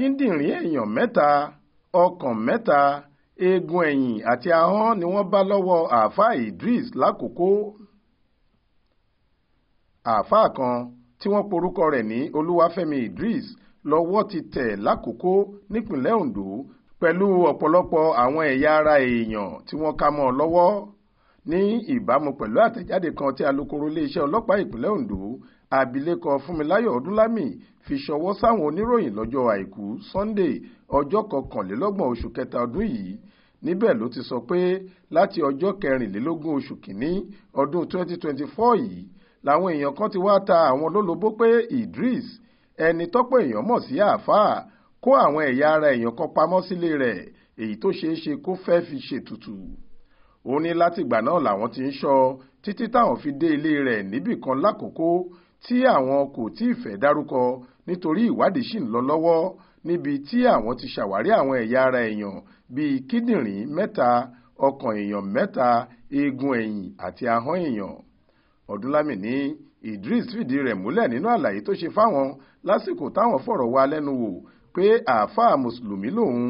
kíndìnrín èèyàn mẹ́ta ọkàn mẹ́ta eegun ẹ̀yìn àti ahọ́n ni wọ́n bá lọ́wọ́ àáfàá Idris lákòókò àáfàá kan tí wọ́n porúkọ rẹ̀ ní Olúwafẹ́mi Idris lọ́wọ́ ti tẹ̀ lákòókò nípínlẹ̀ Ondo pẹ̀lú ọ̀pọ̀lọpọ̀ àwọn ẹ̀yà ara èèyàn tí wọ́n ká mọ́ ọ lọ́wọ́ ní ìbámu pẹ̀lú àtẹ̀jáde kan tí alukoro iléeṣẹ́ ọlọ́pàá ìpínlẹ̀ Ondo abilékọ Fúnmiláyọ̀ Ọdúnlámì fi ṣọwọ́ sáwọn oníròyìn lọ́jọ́ àìkú Sunday ọjọ́ kọkànlélọ́gbọ̀n oṣù kẹta ọdún yìí níbẹ̀ ló ti sọ pé láti ọjọ́ kẹrìnlélógún oṣù kìíní ọdún 2024 yìí làwọn èèyàn kan ti wá ta àwọn lólobó pé Idris ẹni tọ́pọ̀ èèyàn mọ̀ sí àáfàá kó àwọn ẹ̀yà ara èèyàn kan pamọ́ sílé rẹ̀ èyí tó ṣeé ṣe kó fẹ́ fi ṣètùtù ó ní látìgbà náà làwọn ti ń ṣọ́ títí táwọn fi dé ilé rẹ̀ níbì kan lákòókò tí àwọn kò tí ì fẹ́ dárúkọ nítorí ìwádìí ṣì ń lọ lọ́wọ́ níbi tí àwọn ti ṣàwárí àwọn ẹ̀yà ara èèyàn bíi kíndìnrín mẹ́ta ọkàn èèyàn mẹ́ta eegun ẹ̀yìn àti ahọ́n èèyàn ọdúnlámì ní idris fìdí rẹ̀ múlẹ̀ nínú àlàyé tó ṣe fáwọn lásìkò táwọn fọ̀rọ̀ wá lẹ́nu wò pé àáfàá mùsùlùmí lòun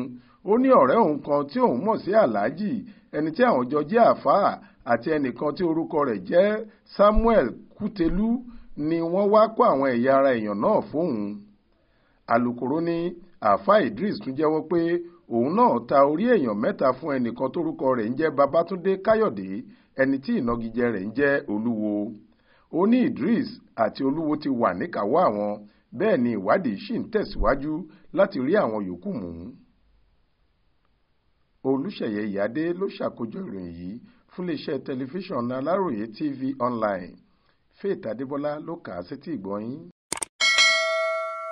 ó ní ọ̀rẹ́ òun kan tí òun mọ̀ sí aláàjì ẹni tí àwọn jọ jẹ́ àfáà àti ẹnìkan tí orúkọ rẹ̀ jẹ́ Samuel Kútẹlú ni wọ́n wá kó àwọn ẹ̀yà ara èèyàn náà fóun alūkkóró ní àfáà Idris tún jẹ́wọ́ pé òun náà ta orí èèyàn mẹ́ta fún ẹnìkan tórúkọ rẹ̀ ń jẹ́ Babátúndé Káyọ̀dé ẹni tí ìnagijẹ rẹ̀ ń jẹ́ Olúwo ó ní Idris àti Olúwo ti wà níkàáwọ́ àwọn bẹ́ẹ̀ ni ìwádìí sì ń tẹ̀síwájú láti rí àwọn yòókù mú olùṣeyẹ ìyáde ló ṣàkójọ ìròyìn yìí fún iléeṣẹ́ tẹlifíṣàn aláròye tv online faith adébọlá ló kà á sétí ìgbọ́